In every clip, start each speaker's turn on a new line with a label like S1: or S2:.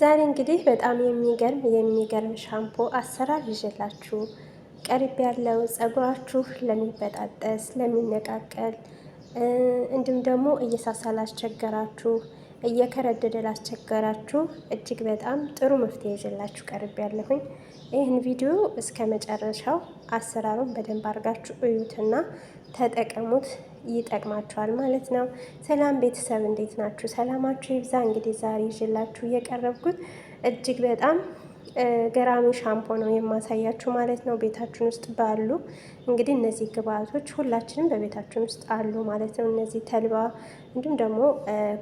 S1: ዛሬ እንግዲህ በጣም የሚገርም የሚገርም ሻምፖ አሰራር ይዤላችሁ ቀርብ ያለው ጸጉራችሁ ለሚበጣጠስ ለሚነቃቀል እንዲሁም ደግሞ እየሳሳ ላስቸገራችሁ እየከረደደ ላስቸገራችሁ እጅግ በጣም ጥሩ መፍትሄ ይዤላችሁ ቀርብ ያለሁኝ። ይህን ቪዲዮ እስከ መጨረሻው አሰራሩን በደንብ አድርጋችሁ እዩትና ተጠቀሙት። ይጠቅማቸዋል ማለት ነው። ሰላም ቤተሰብ እንዴት ናችሁ? ሰላማችሁ ይብዛ። እንግዲህ ዛሬ ይዤላችሁ እየቀረብኩት እጅግ በጣም ገራሚ ሻምፖ ነው የማሳያችሁ ማለት ነው። ቤታችን ውስጥ ባሉ እንግዲህ እነዚህ ግብአቶች ሁላችንም በቤታችን ውስጥ አሉ ማለት ነው። እነዚህ ተልባ እንዲሁም ደግሞ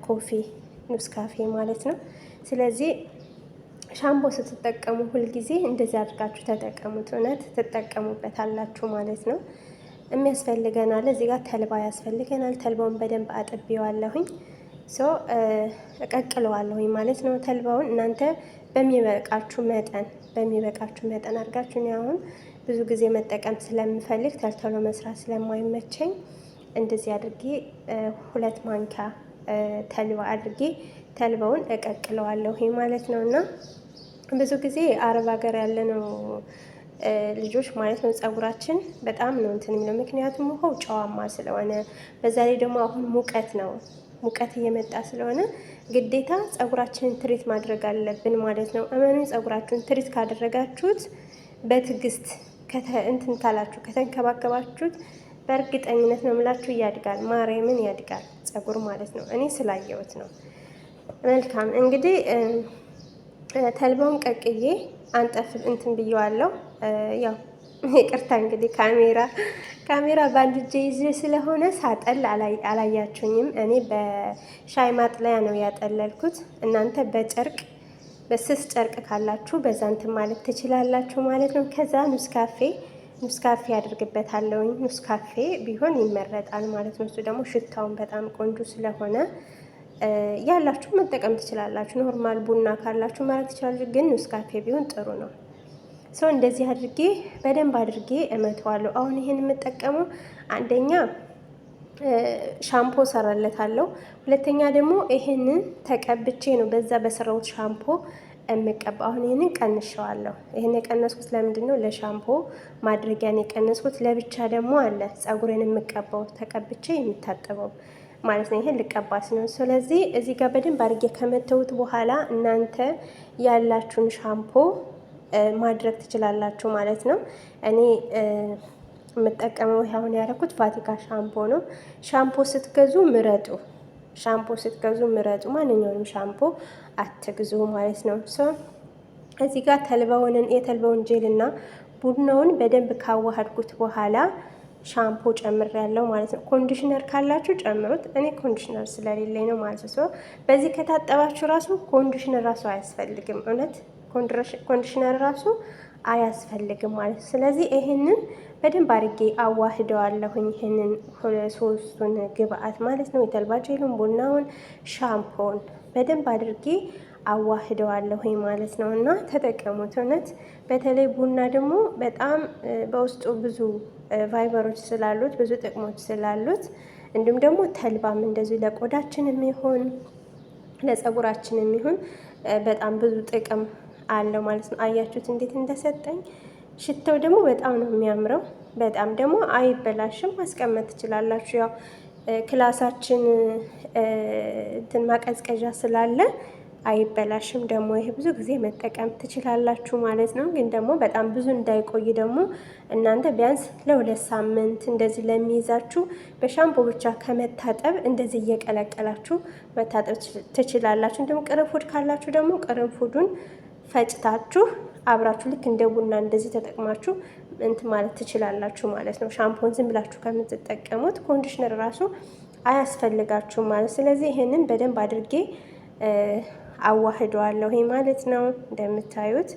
S1: ኮፊ ካፌ ማለት ነው። ስለዚህ ሻምፖ ስትጠቀሙ ሁልጊዜ እንደዚህ አድርጋችሁ ተጠቀሙት። እውነት ትጠቀሙበታላችሁ ማለት ነው። የሚያስፈልገናል። እዚህ ጋር ተልባ ያስፈልገናል። ተልባውን በደንብ አጥቤዋለሁኝ ሶ እቀቅለዋለሁኝ ማለት ነው። ተልባውን እናንተ በሚበቃችሁ መጠን በሚበቃችሁ መጠን አድርጋችሁ እኔ አሁን ብዙ ጊዜ መጠቀም ስለምፈልግ ተልተሎ መስራት ስለማይመቸኝ እንደዚህ አድርጌ ሁለት ማንኪያ ተልባ አድርጌ ተልባውን እቀቅለዋለሁኝ ማለት ነው እና ብዙ ጊዜ አረብ ሀገር ያለ ነው ልጆች ማለት ነው ጸጉራችን በጣም ነው እንትን የሚለው ምክንያቱም ውሃው ጨዋማ ስለሆነ፣ በዛ ላይ ደግሞ አሁን ሙቀት ነው ሙቀት እየመጣ ስለሆነ ግዴታ ጸጉራችንን ትሪት ማድረግ አለብን ማለት ነው። እመኑ ጸጉራችሁን ትሪት ካደረጋችሁት በትዕግስት እንትን ታላችሁ ከተንከባከባችሁት በእርግጠኝነት ነው የምላችሁ ያድጋል። ማርያምን ያድጋል ጸጉር ማለት ነው። እኔ ስላየሁት ነው። መልካም እንግዲህ ተልባውን ቀቅዬ አንጠፍ እንትን ብየዋለሁ። ያው ይቅርታ እንግዲህ ካሜራ ካሜራ በአንድ እጄ ይዤ ስለሆነ ሳጠል አላያችሁኝም። እኔ በሻይ ማጥለያ ነው ያጠለልኩት። እናንተ በጨርቅ በስስ ጨርቅ ካላችሁ በዛንት ማለት ትችላላችሁ ማለት ነው። ከዛ ኑስካፌ ኑስካፌ ያደርግበታለሁኝ። ኑስካፌ ቢሆን ይመረጣል ማለት ነው። እሱ ደግሞ ሽታውን በጣም ቆንጆ ስለሆነ ያላችሁ መጠቀም ትችላላችሁ። ኖርማል ቡና ካላችሁ ማለት ትችላላችሁ፣ ግን ኑስካፌ ቢሆን ጥሩ ነው። ሶ እንደዚህ አድርጌ በደንብ አድርጌ እመተዋለሁ። አሁን ይሄን የምጠቀመው አንደኛ ሻምፖ ሰራለታለሁ፣ ሁለተኛ ደግሞ ይሄንን ተቀብቼ ነው በዛ በሰራሁት ሻምፖ የምቀባ። አሁን ይሄንን ቀንሸዋለሁ። ይሄን የቀነስኩት ለምንድን ነው? ለሻምፖ ማድረጊያን የቀነስኩት። ለብቻ ደግሞ አለ ጸጉሬን የምቀባው ተቀብቼ የሚታጠበው ማለት ነው። ይሄን ልቀባት ነው። ስለዚህ እዚህ ጋር በደንብ አድርጌ ከመተውት በኋላ እናንተ ያላችሁን ሻምፖ ማድረግ ትችላላችሁ ማለት ነው። እኔ የምጠቀመው አሁን ያደረኩት ቫቲካ ሻምፖ ነው። ሻምፖ ስትገዙ ምረጡ። ሻምፖ ስትገዙ ምረጡ። ማንኛውንም ሻምፖ አትግዙ ማለት ነው። እዚህ ጋር ተልባውንን የተልባውን ጄልና ቡናውን በደንብ ካዋሃድኩት በኋላ ሻምፖ ጨምር ያለው ማለት ነው። ኮንዲሽነር ካላችሁ ጨምሩት። እኔ ኮንዲሽነር ስለሌለኝ ነው ማለት ነው። በዚህ ከታጠባችሁ ራሱ ኮንዲሽነር ራሱ አያስፈልግም እውነት ኮንዲሽነር ራሱ አያስፈልግም ማለት ነው። ስለዚህ ይህንን በደንብ አድርጌ አዋህደዋለሁኝ። ይህንን ሶስቱን ግብአት ማለት ነው። የተልባ ጄሉን፣ ቡናውን፣ ሻምፖን በደንብ አድርጌ አዋህደዋለሁኝ ማለት ነው። እና ተጠቀሙት። እውነት በተለይ ቡና ደግሞ በጣም በውስጡ ብዙ ቫይበሮች ስላሉት ብዙ ጥቅሞች ስላሉት እንዲሁም ደግሞ ተልባም እንደዚሁ ለቆዳችን የሚሆን ለጸጉራችን የሚሆን በጣም ብዙ ጥቅም አለው ማለት ነው። አያችሁት እንዴት እንደሰጠኝ። ሽታው ደግሞ በጣም ነው የሚያምረው። በጣም ደግሞ አይበላሽም፣ ማስቀመጥ ትችላላችሁ። ያው ክላሳችን እንትን ማቀዝቀዣ ስላለ አይበላሽም። ደግሞ ይሄ ብዙ ጊዜ መጠቀም ትችላላችሁ ማለት ነው። ግን ደግሞ በጣም ብዙ እንዳይቆይ ደግሞ እናንተ ቢያንስ ለሁለት ሳምንት እንደዚህ ለሚይዛችሁ በሻምፖ ብቻ ከመታጠብ እንደዚህ እየቀለቀላችሁ መታጠብ ትችላላችሁ። እንዲሁም ቅርንፉድ ካላችሁ ደግሞ ቅርንፉዱን ፈጭታችሁ አብራችሁ ልክ እንደ ቡና እንደዚህ ተጠቅማችሁ እንት ማለት ትችላላችሁ ማለት ነው። ሻምፖን ዝም ብላችሁ ከምትጠቀሙት ኮንዲሽነር ራሱ አያስፈልጋችሁም ማለት ስለዚህ ይህንን በደንብ አድርጌ አዋህደዋለሁ ማለት ነው። እንደምታዩት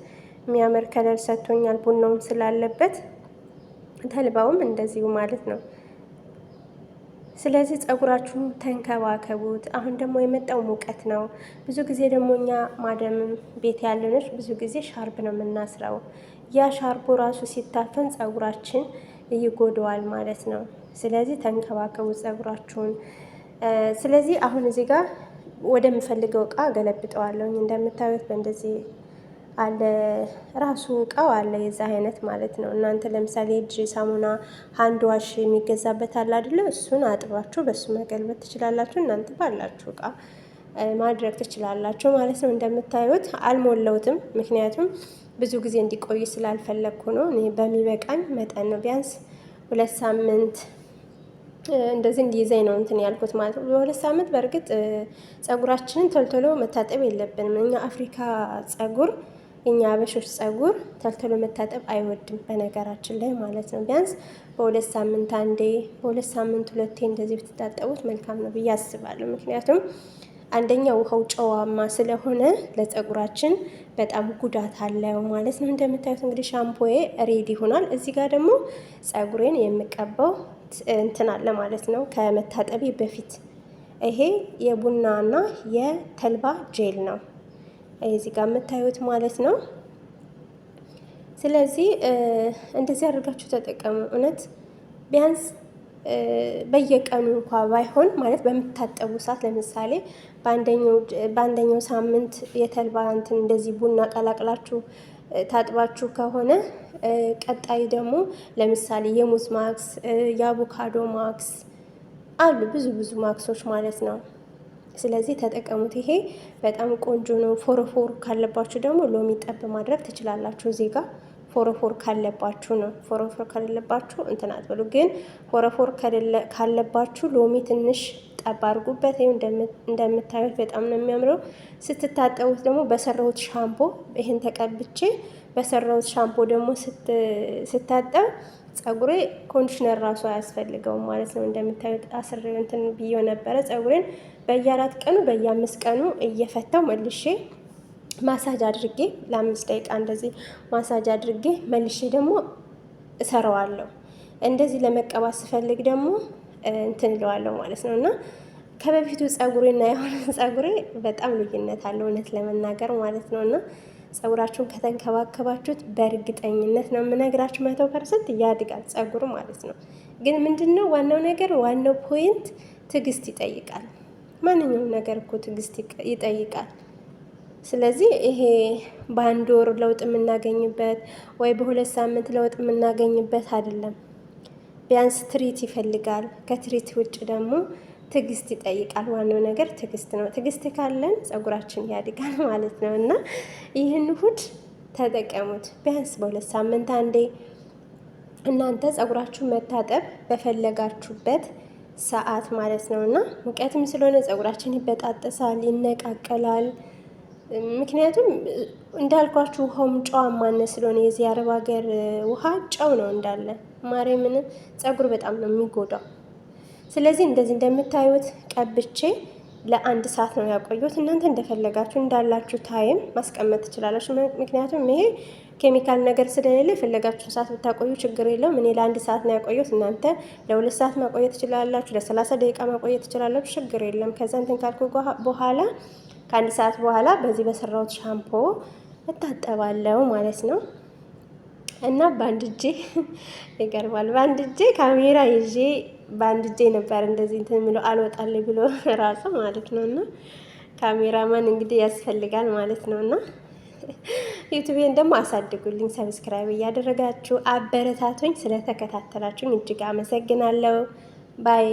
S1: የሚያምር ከለር ሰጥቶኛል ቡናውም ስላለበት ተልባውም እንደዚሁ ማለት ነው። ስለዚህ ጸጉራችሁን ተንከባከቡት። አሁን ደግሞ የመጣው ሙቀት ነው። ብዙ ጊዜ ደግሞ እኛ ማደም ቤት ያለነች ብዙ ጊዜ ሻርብ ነው የምናስረው። ያ ሻርቦ ራሱ ሲታፈን ጸጉራችን ይጎደዋል ማለት ነው። ስለዚህ ተንከባከቡት ጸጉራችሁን። ስለዚህ አሁን እዚህ ጋር ወደምፈልገው እቃ ገለብጠዋለሁኝ እንደምታዩት በእንደዚህ አለ ራሱ እቃው አለ የዛ አይነት ማለት ነው። እናንተ ለምሳሌ እጅ ሳሙና ሀንድ ዋሽ የሚገዛበት አለ አይደለ? እሱን አጥባችሁ በሱ መገልበጥ ትችላላችሁ። እናንተ ባላችሁ እቃ ማድረግ ትችላላችሁ ማለት ነው። እንደምታዩት አልሞላውትም፣ ምክንያቱም ብዙ ጊዜ እንዲቆይ ስላልፈለግኩ ነው። እኔ በሚበቃኝ መጠን ነው። ቢያንስ ሁለት ሳምንት እንደዚህ እንዲይዘኝ ነው እንትን ያልኩት ማለት ነው። በሁለት ሳምንት በእርግጥ ጸጉራችንን ቶልቶሎ መታጠብ የለብንም እኛ አፍሪካ ጸጉር የኛ አበሾች ጸጉር ተልተሎ መታጠብ አይወድም፣ በነገራችን ላይ ማለት ነው። ቢያንስ በሁለት ሳምንት አንዴ፣ በሁለት ሳምንት ሁለቴ እንደዚህ ብትታጠቡት መልካም ነው ብዬ አስባለሁ። ምክንያቱም አንደኛ ውሃው ጨዋማ ስለሆነ ለጸጉራችን በጣም ጉዳት አለው ማለት ነው። እንደምታዩት እንግዲህ ሻምፖዬ ሬዲ ይሆናል። እዚህ ጋር ደግሞ ጸጉሬን የምቀባው እንትን አለ ማለት ነው ከመታጠቤ በፊት ይሄ የቡናና የተልባ ጄል ነው። እዚህ ጋር የምታዩት ማለት ነው። ስለዚህ እንደዚህ አድርጋችሁ ተጠቀሙ። እውነት ቢያንስ በየቀኑ እንኳ ባይሆን ማለት በምታጠቡ ሰዓት ለምሳሌ በአንደኛው ሳምንት የተልባ እንትን እንደዚህ ቡና ቀላቅላችሁ ታጥባችሁ ከሆነ ቀጣይ ደግሞ ለምሳሌ የሙዝ ማክስ፣ የአቮካዶ ማክስ አሉ ብዙ ብዙ ማክሶች ማለት ነው። ስለዚህ ተጠቀሙት። ይሄ በጣም ቆንጆ ነው። ፎረፎር ካለባችሁ ደግሞ ሎሚ ጠብ ማድረግ ትችላላችሁ። እዚህ ጋር ፎረፎር ካለባችሁ ነው። ፎረፎር ካለባችሁ እንትን አትበሉ። ግን ፎረፎር ካለባችሁ ሎሚ ትንሽ ጠብ አድርጉበት። ይኸው እንደምታዩት በጣም ነው የሚያምረው። ስትታጠቡት ደግሞ በሰራሁት ሻምፖ ይህን ተቀብቼ በሰራሁት ሻምፖ ደግሞ ስታጠብ ፀጉሬ ኮንዲሽነር ራሱ አያስፈልገውም ማለት ነው። እንደምታዩት አስር እንትን ብዬው ነበረ። ጸጉሬን በየአራት ቀኑ በየአምስት ቀኑ እየፈታው መልሼ ማሳጅ አድርጌ ለአምስት ደቂቃ እንደዚህ ማሳጅ አድርጌ መልሼ ደግሞ እሰራዋለሁ። እንደዚህ ለመቀባት ስፈልግ ደግሞ እንትን እለዋለሁ ማለት ነው እና ከበፊቱ ፀጉሬና የሆነ ፀጉሬ በጣም ልዩነት አለው እውነት ለመናገር ማለት ነው እና ጸጉራችሁን ከተንከባከባችሁት በእርግጠኝነት ነው የምነግራችሁ መቶ ፐርሰንት ያድጋል ጸጉር ማለት ነው። ግን ምንድን ነው ዋናው ነገር ዋናው ፖይንት ትዕግስት ይጠይቃል። ማንኛውም ነገር እኮ ትዕግስት ይጠይቃል። ስለዚህ ይሄ በአንድ ወር ለውጥ የምናገኝበት ወይ በሁለት ሳምንት ለውጥ የምናገኝበት አይደለም። ቢያንስ ትሪት ይፈልጋል። ከትሪት ውጭ ደግሞ ትዕግስት ይጠይቃል። ዋናው ነገር ትዕግስት ነው። ትዕግስት ካለን ጸጉራችን ያድጋል ማለት ነው እና ይህን ሁድ ተጠቀሙት ቢያንስ በሁለት ሳምንት አንዴ። እናንተ ጸጉራችሁ መታጠብ በፈለጋችሁበት ሰዓት ማለት ነው እና ሙቀትም ስለሆነ ጸጉራችን ይበጣጠሳል፣ ይነቃቀላል። ምክንያቱም እንዳልኳችሁ ውሃውም ጨዋማነት ስለሆነ የዚህ አረብ ሀገር ውሃ ጨው ነው እንዳለ ማሬ ፀጉር ጸጉር በጣም ነው የሚጎዳው። ስለዚህ እንደዚህ እንደምታዩት ቀብቼ ለአንድ ሰዓት ነው ያቆየሁት። እናንተ እንደፈለጋችሁ እንዳላችሁ ታይም ማስቀመጥ ትችላላችሁ። ምክንያቱም ይሄ ኬሚካል ነገር ስለሌለ የፈለጋችሁን ሰዓት ብታቆዩ ችግር የለውም። እኔ ለአንድ ሰዓት ነው ያቆየሁት። እናንተ ለሁለት ሰዓት ማቆየት ትችላላችሁ፣ ለሰላሳ ደቂቃ ማቆየት ትችላላችሁ። ችግር የለም። ከዛ እንትን ካልኩ በኋላ ከአንድ ሰዓት በኋላ በዚህ በሰራሁት ሻምፖ እታጠባለሁ ማለት ነው እና በአንድ እጄ ይቀርባል፣ በአንድ እጄ ካሜራ ይዤ በአንድ እጄ ነበር እንደዚህ እንትን የምለው አልወጣል ብሎ ራሱ ማለት ነው። እና ካሜራማን እንግዲህ ያስፈልጋል ማለት ነው። እና ዩቱቤን ደግሞ አሳድጉልኝ፣ ሰብስክራይብ እያደረጋችሁ አበረታቶኝ። ስለተከታተላችሁኝ እጅግ አመሰግናለሁ። ባይ